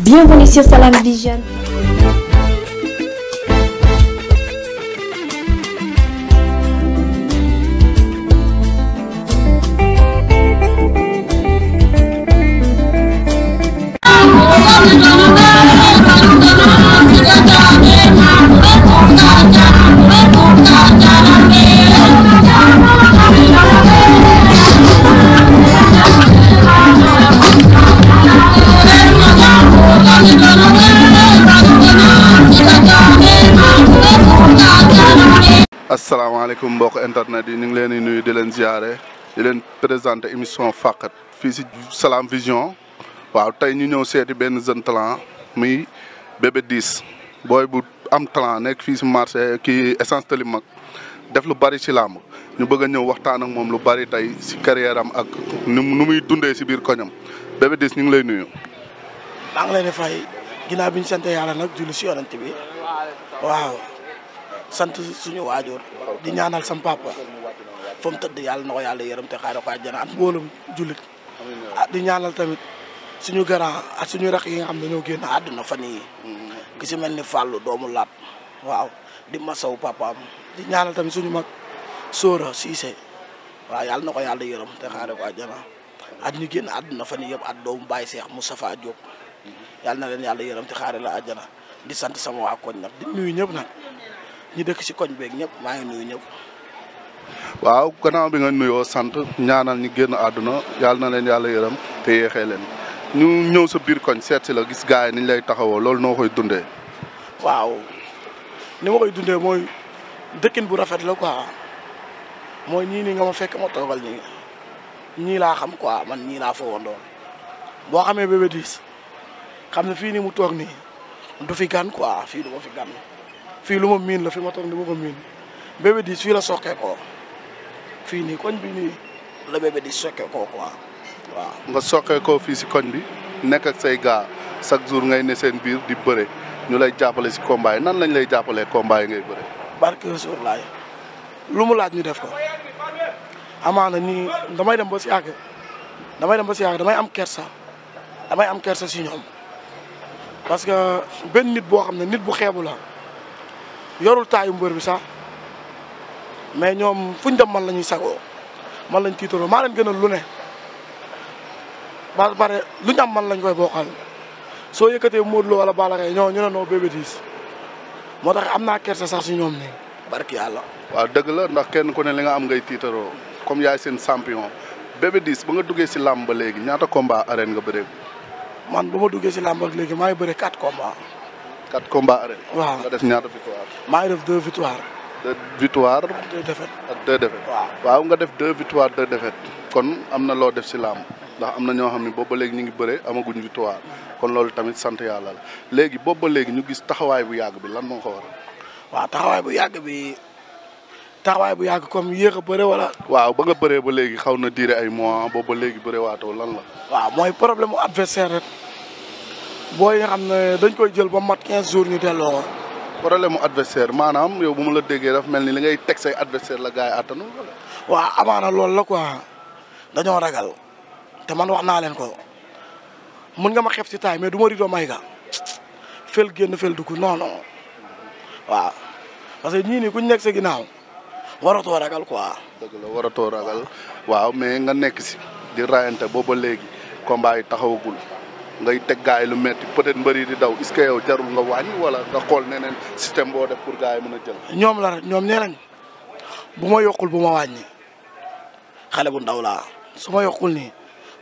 Bienvenue sur Salam Vision. Yeah. salaamaaleykum mbokk internet yi ñu ngi leen di nuyu di leen ziare di leen présenter émission Fakkat fii si Salam Vision waaw tey ñu ñëw seeti benn jeune talent muy Bébé Diis booy bu am talent nekk fii si marché kii essence tali mag def lu bari si làmb ñu bëgg a ñëw waxtaan ak moom lu bari tey si carrière am ak nu muy dundee si biir koñam Bébé Diis ñu ngi lay nuyu. maa ngi fay ginnaaw bi ñu sant yàlla nag julli si yonent bi waaw. sant suñu waajur di ñaanal sam papa fa tëdd yàlla na ko yàlla yërëm te xaare ko àjjana ak mboolum jullit ah, di ñaanal tamit suñu grand suñu rakk yi nga xam ne ñoo génn àdduna fan yi si mel ni Fallou doomu laat waaw di masaw papaam di ñaanal tamit suñu mag Sora Cissé waaw na ko yàlla yërëm te ko àjjana at ñu génn àdduna fan yii yëpp at doomu Baye Cheikh Moustapha Diop yàlla na leen yàlla yërëm te xaare la àjjana di sant sama waa koñ nag di nuyu ñëpp nag ñi dëkk si koñ beeg ñëpp maa ngi nuyu ñëpp. waaw gannaaw bi nga nuyoo sant ñaanal ñi génn àdduna yàlla na leen yàlla yërëm te yéexee leen ñu ñëw sa biir koñ seet la gis gars yi niñ lay taxawo loolu noo koy dundee. waaw ni ma koy dundee mooy dëkkin bu rafet la quoi mooy ñii nii nga ma fekk ma toogal ñii ñii laa xam quoi man ñii laa foogandoon boo xamee Bébé Diis xam ne fii nii mu toog nii du fi gan quoi fii du ma fi gan. fii lu ma miin la fi ma toog ni ma ko miin bébé diis fii la soqee fii nii koñ bi nii la bébé diis soqee koo quoi waaw. nga soqee ko fii si koñ bi nekk ak say gaa chaque jour ngay ne seen biir di bëre ñu lay jàppale si combat nan lañ lay jàppalee combat yi ngay bëre. barke suur laay lu mu laaj ñu def ko amaana nii damay dem ba si yàgg damay dem ba si yàgg damay am kersa damay am kersa si ñoom parce que benn nit boo xam ne nit bu xeebu la. yorul taayu mbër bi sax mais ñoom fuñ dem man la ñuy sagoo man lañ tiitaroo maa leen gënal lu ne ba pare lu ñu am man lañ koy bokkal soo yëkkatee Modou Lo wala Balla Gaye ñoo ñu ne noo Bébé Diis moo tax am naa kersa sax si ñoom nii barki yàlla. waa dëgg la ndax kenn ku ne li nga am ngay tiitaroo comme yaay seen sampion Bébé Diis ba nga duggee si làmb ba léegi ñaata combat arène nga bëree. man ba ma duggee si làmb ak léegi maa ngi bëri quatre combat quatre combats arrêtés. waaw nga def ñaata victoire. maa ngi def deux victoire. deux victoire. ak deux défaites. waaw nga def deux victoire deux défaites. kon am na loo def si làmb ndax am na ñoo xam ne boobu ba léegi ñu ngi bëre amaguñ victoire kon loolu tamit sant yàlla la léegi boobu ba léegi ñu gis taxawaay bu yàgg bi lan moo ko waral. waaw taxawaay bu yàgg bi taxawaay bu yàgg comme yéex a bëre wala. waaw ba nga bëree ba léegi xaw na diire ay mois boobu ba léegi bëre waatoo lan la. boo yi nga xam ne dañ koy jël ba mat 15 jours ñu delloo ko. problème mu adversaire maanaam yow mu ma la déggee daf mel ni li ngay teg say adversaire la gars yi waa waaw amaana loolu la quoi dañoo ragal te man wax naa leen ko mën nga ma xeeb si taay mais du ma rido may ga fel génn fel dugg non waaw parce que ñii nii ku ñu nekk sa ginnaaw waratoo ragal quoi. dëgg la waratoo ragal waaw mais nga nekk si di raayante booba léegi combat yi taxawagul. ngay teg gaay lu metti peut-être mbëri di daw est-ce que yow jarul nga wàññi wala nga xool neneen système boo def pour gars yi mën a jël. ñoom la rek ñoom nee bu ma yokkul bu ma wàññi xale bu ndaw laa su ma yokkul nii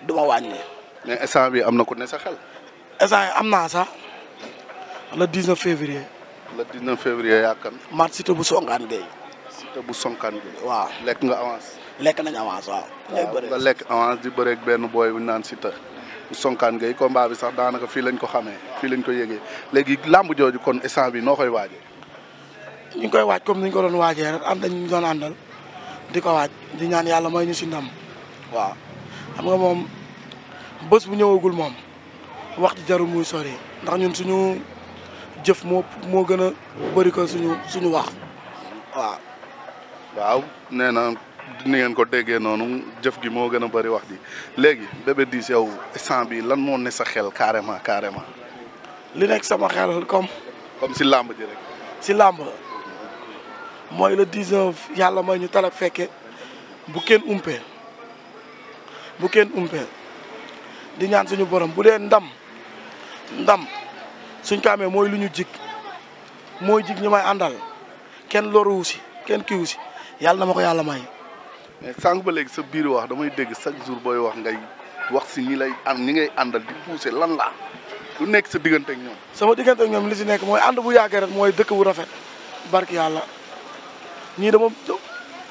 du ma wàññi. mais instant bi am na ku ne sa xel. instant yi am naa sax le 19 février. le 19 février yaakaar naa. mat cité bu Songane Gueye. cité bu Songane waaw lekk nga avance. lekk nañ avance waaw. nga lekk avance di bëreeg benn booy bu naan cité. sonkaan gay combat bi sax daanaka fii lañ ko xamee fii lañ ko yëgee léegi làmb jooju kon instant bi noo koy waajee. ñu ngi koy waaj comme ni ñu ko doon waajee rek am dañu doon àndal di ko waaj di ñaan yàlla may ñu si ndam waaw xam nga moom bës bu ñëwagul moom wax ji jarul muy sori ndax ñun suñu jëf moo moo gën a bëri ko suñu suñu wax waaw. waaw na ni ngeen ko déggee noonu jëf gi moo gën a bëri wax ji léegi Bébé Diis yow instant bi lan moo ne sa xel carrément carrément. li nekk sama xel comme. comme si làmb ji rek. si làmb mooy le 19 yàlla may ñu talak fekke bu kenn umpee bu kenn umpee di ñaan suñu borom bu dee ndam ndam suñ ko amee mooy lu ñu jikk mooy jig ñu may àndal kenn loruwu si kenn kiwu si yàlla na ma ko yàlla may. mais sànq ba léegi sa biir wax damay dégg chaque jour booy wax ngay wax si ñi lay am ni ngay àndal di pousser lan la lu nekk sa diggante ñoom. sama diggante ñoom li si nekk mooy ànd bu yàggee rek mooy dëkk bu rafet barki yàlla ñii dama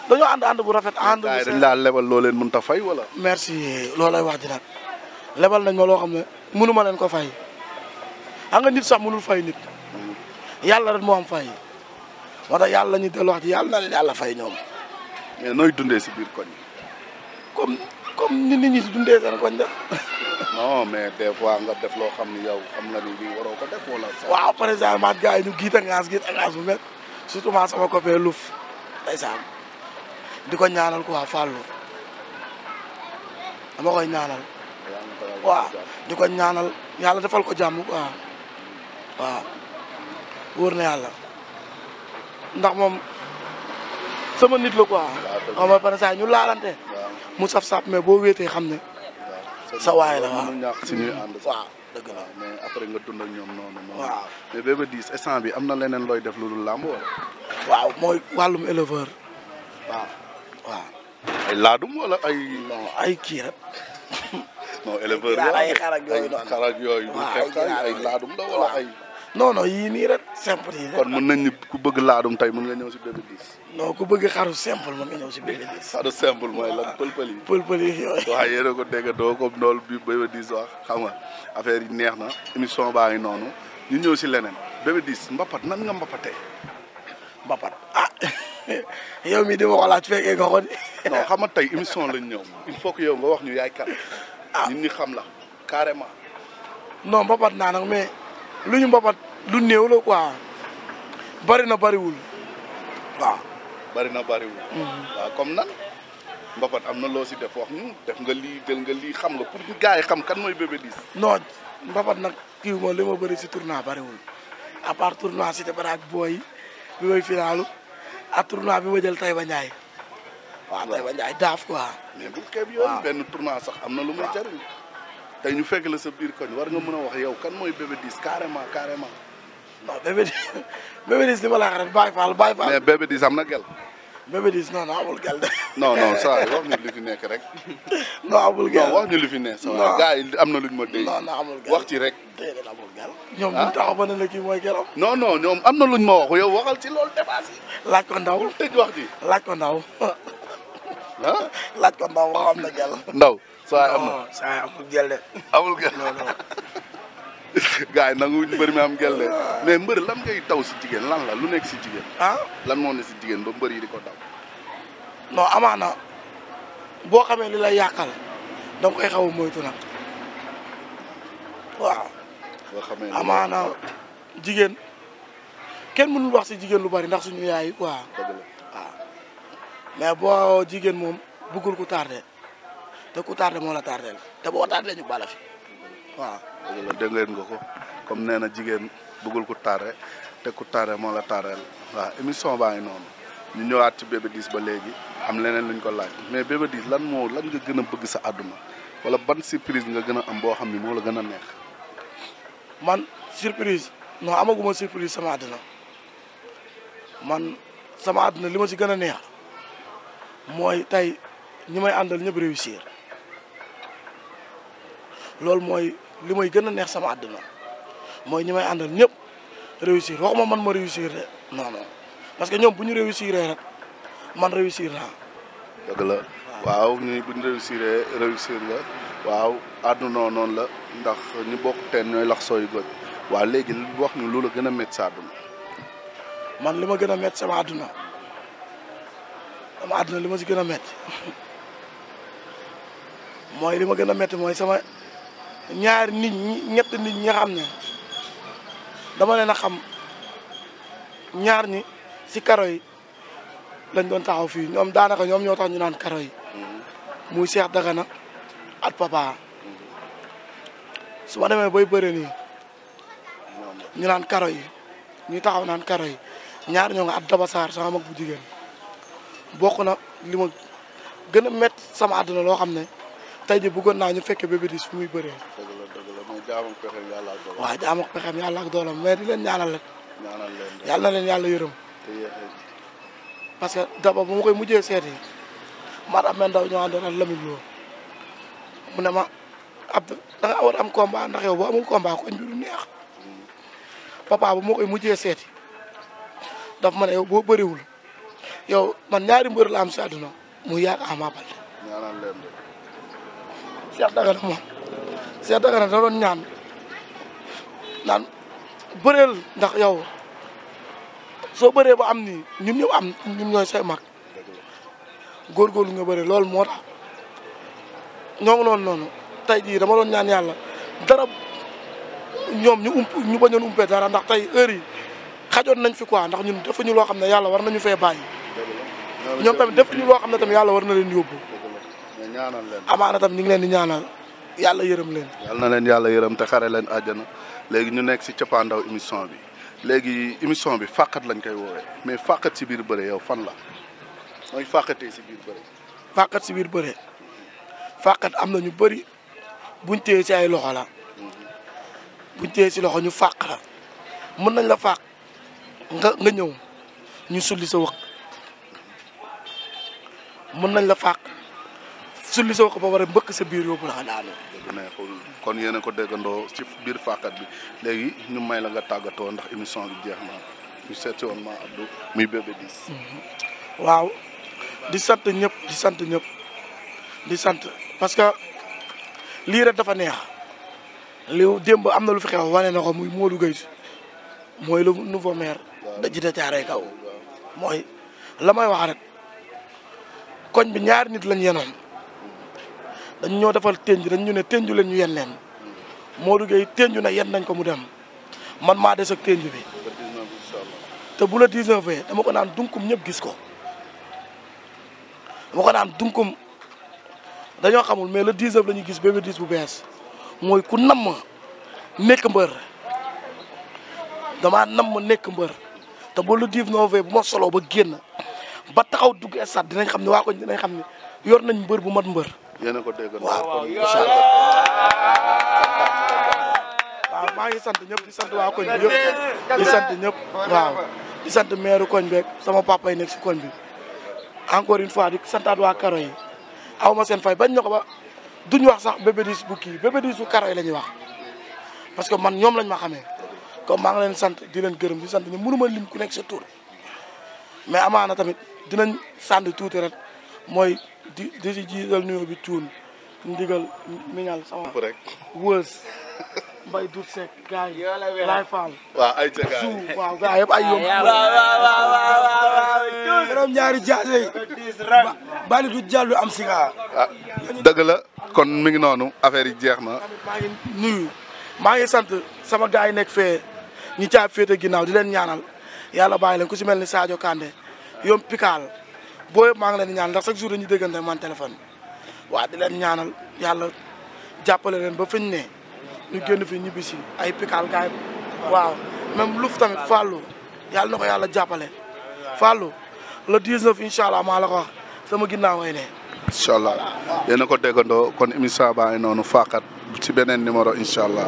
dañoo ànd ànd bu rafet. ànd dañ laa lebal loo leen mënut a fay wala. merci loolu lay wax ji nag lebal nañ ma loo xam ne mënuma leen ko fay xam nit sax mënul fay nit hmm. yàlla rek moo am fay moo tax yàlla ñu delluwaat yàlla na yàlla fay ñoom. mais nooy dundee si biir koñ comme comme ni nit dundee seen koñ da non mais def loo xam ni yow xam nga ni lii waroo ko def wala. waaw par exemple maat gars yi ñu giit angaas giit angaas met surtout maa sama copain Louf ndeysaan di ko ñaanal ko waa Fallou dama koy ñaanal. waaw di ñaanal yàlla defal ko jàmm quoi waaw wóor na yàlla ndax moom. sama nit la quoi xam nga par exemple ñu laalante mu saf saf mais boo wéetee xam ne sa waay la waaw waaw dëgg la mais après nga dund ak ñoom noonu waaw mais bi am na leneen looy def lu dul làmb wala waaw mooy wàllum éleveur waaw ay laadum wala ay non ay kii rek non yooyu xarak yooyu laadum la wala non non yii nii rek simple yi. kon mën nañ ni ku bëgg laadum tey mën nga ñëw si bébé diis. non ku bëgg xaru simple mën nga ñëw si bébé diis. xaru simple mooy lan pëlpël yi. pëlpël yi yooyu. a ko bi neex na émission baa ngi noonu ñu ñëw si leneen bébé diis mbapat nan nga mbapatee. mbapat ah yow mii di ma ko laaj fekkee nga ko di. non xam nga tey émission lañ ñëw il faut que yow nga wax ñu yaay kan. ah ñun ñu xam la carrément. non mbapat naa mais lu ñu mbapat lu néew la bari na bariwul waaw. bari na bariwul. waaw comme nan mbapat am na loo si def wax ñu hmm, def nga lii jël nga lii xam nga pour ñu gars xam kan mooy Bébé Diis. non mbapat nag kii moom li ma bari si tournoi bariwul à part tournoi si def ak booy bi may finaalu ak tournoi bi ma jël Taïba Ndiaye. waaw Taïba Ndiaye daaf quoi. mais bu xeeb yoon benn tournoi sax am na lu muy jariñ. tey ñu fekk la sa biir koñ war nga mën a wax yow kan mooy Bébé Diis carrément carrément. non bébé di ni di ma la wax rek bàyyi faal bàyyi faal. mais bébé di am na gel. bébé di non non amul gel de. non nekk rek. non amul gel wax ñu li fi nekk. am na luñ ma dégg. non amul wax ci rek. déedéet amul gel. Ah? ñoom ñu taxaw ba ne la kii mooy gelam. non non ñoom am na luñ ma wax yow waxal ci loolu dépassé. laaj ko ndaw wax ji. laaj ko ndaw. ah am na gel. ndaw saa am na non saa amul gel de. amul gel gars yi nangu mbër mi am gel de mais mbër lan ngay taw si jigéen lan la lu nekk si jigéen. ah lan moom ne si jigéen ba mbër yi di ko daw. non amaana boo xamee li la yàqal da nga koy xaw a moytu nag waaw. boo xamee amaana jigéen kenn mënul wax si jigéen lu bari ndax suñu yaay quoi. waaw mais boo jigéen moom bëggul ku tardé te ku tardé moo la tardé te boo tardé ñu bala waaw dégg leen nga ko comme nee na jigéen bëggul ku taare te ku taare moo la taareel waaw émission baa noonu ñu ñëwaat ci Bébé Diis ba léegi am leneen luñ ko laaj mais Bébé Diis lan moo lan nga gën a bëgg sa àdduna wala ban surprise nga gën a am boo xam ni moo la gën a neex. man surprise non amaguma surprise sama àdduna man sama àdduna li ci gën a neex mooy tey ñi may àndal ñëpp réussir loolu mooy. li may gën a neex sama àdduna mooy ñi may àndal ñëpp réussir waxuma man ma réussir de non parce que ñoom bu ñu réussir rek man réussir naa. dëgg la waaw ñi bu ñu réussir réussir waaw àdduna noonu la ndax ñu bokk teen ñooy lax sooy goj waaw léegi li wax ñu loolu gën a métti sa àdduna. man li ma gën a métti sama àdduna sama li ma si gën a métti mooy li gën a métti mooy sama ñaari nit ñi ñetti nit ñi nga xam ne dama leen a xam ñaar ñi si karo yi lañ doon taxaw fii ñoom daanaka ñoom ñoo tax ñu naan karo yi muy Cheikh Dagana at Papa su ma demee bay bëre nii ñu naan karo yi ñu taxaw naan karo yi ñaar ñoo nga at dabasaar sama mag bu jigéen bokk na li gën a métti sama àdduna loo xam ne tey ji buggoon naa ñu fekke Bébé Diis fu muy bëree. dëgg la dëgg la mais jaam ak di leen ñaanal rek. ñaanal yàlla na yërëm. parce que daba bu ma koy mujjee seeti man am na ndaw ñu àndoon ak Lamine Lo mu ne ma Abdou da ndax yow boo amul combat koñ bi du neex papa bu ma koy mujjee seeti daf ma ne yow boo bëriwul yow man ñaari mbër la am si àdduna mu yàgg Ama Baldé. Cheikh Dagana moom Cheikh Dagana da doon ñaan naan bëreel ndax yow soo bëree ba am ni ñun ñëpp am ñun ñooy say mag góorgóorlu nga bëri loolu moo tax ñoo ngi noonu noonu tey jii dama doon ñaan yàlla dara ñoom ñu ump ñu bañoon umpee dara ndax tey heure yi xajoon nañ fi quoi ndax ñun ñu loo xam ne yàlla war nañu fee bàyyi ñoom tamit defuñu loo xam ne tamit yàlla war na leen yóbbu ñaanal leen amaana tam ñu ngi leen di ñaanal yàlla yërëm leen. yàlla na leen yàlla yërëm te xare leen àjjana léegi ñu nekk si cappaandaw émission bi léegi émission bi fàqat lañ koy woowee mais fàqat si biir bëre yow fan la mooy fàqatee si biir bëre. fàqat si biir bëre fàqat am na ñu bëri buñ téye si ay loxo la buñ téye si loxo ñu fàq la mën nañ la fàq nga nga ñëw ñu sulli sa wax mën nañ la fàq. sullisoo ko ba war a mbëkk sa biir yóbbu laa daanu. neexul kon yéen a ko déggandoo ci biir fàqat bi léegi ñu may la nga tàggatoo ndax émission bi jeex na ñu seet si woon ma Abdou muy Bébé Diis. waaw di sant ñëpp di sant ñëpp di sant parce que lii rek dafa neex li démb am na lu fi xew wane na ko muy Modou Gueye mooy le nouveau maire. da ji da caaree kaw mooy la may wax rek koñ bi ñaari nit lañ yenoon dañ ñoo defal tënj dañ ñu ne tënju leen ñu yen leen Modou Gueye tënju na yen nañ ko mu dem man maa des ak tënju bi te bu la 19 dama ko naan dunkum ñëpp gis ko dama ko naan dunkum dañoo xamul mais le 19 la ñuy gis bébé 10 bu bees mooy ku namm nekk mbër damaa ma nekk mbër te bu le 19 bu ma solo ba génn ba taxaw dugg stade dinañ xam ne waa ko dinañ xam ne yor nañ mbër bu mat mbër yéen ko dégg waaw incha waaw maa ngi sant ñëpp di sant waa koñ bi yëpp di sant ñëpp waaw di sant maire koñ beeg sama papa yi nekk si koñ bi encore une fois di santaat waa karo yi aw ma seen fay bañ na ko ba duñ wax sax bébé diis bu kii bébé diis bu karo yi la ñuy wax parce que man ñoom lañ ma xamee comme maa ngi leen sant di leen gërëm di sant ñu mënuma lim ku nekk sa mais mais na tamit dinañ sànni tuuti rek mooy di di si jiital nuyoo bi cuun ndigal miñal sama rek wës mbay dut sek gars yi laay faal waaw ay ca gars yi waaw gars yëpp ay yom borom ñaari jaase yi bali du jàllu am siga ah, dëgg la kon mi ngi noonu affaire yi jeex na maa ngi nuyu maa ngi sant sama gars yi nekk fee ñi caa féete ginnaaw di leen ñaanal yàlla bàyyi leen ku si mel ni Sadio Kandé yom pikaal booy maa ngi leen di ñaan ndax chaque jour dañuy déggante man téléphone waa di leen ñaanal yàlla jàppale leen ba fiñ ne ñu génn fi ñibbi si ay pikal gaay waaw même luf tamit Fallou yàlla na ko yàlla jàppale Fallou le 19 incha allah maa la ko wax sama ginnaaw ay ne incha allah yéen ko déggandoo kon émission baa noonu faaxat ci beneen numéro incha allah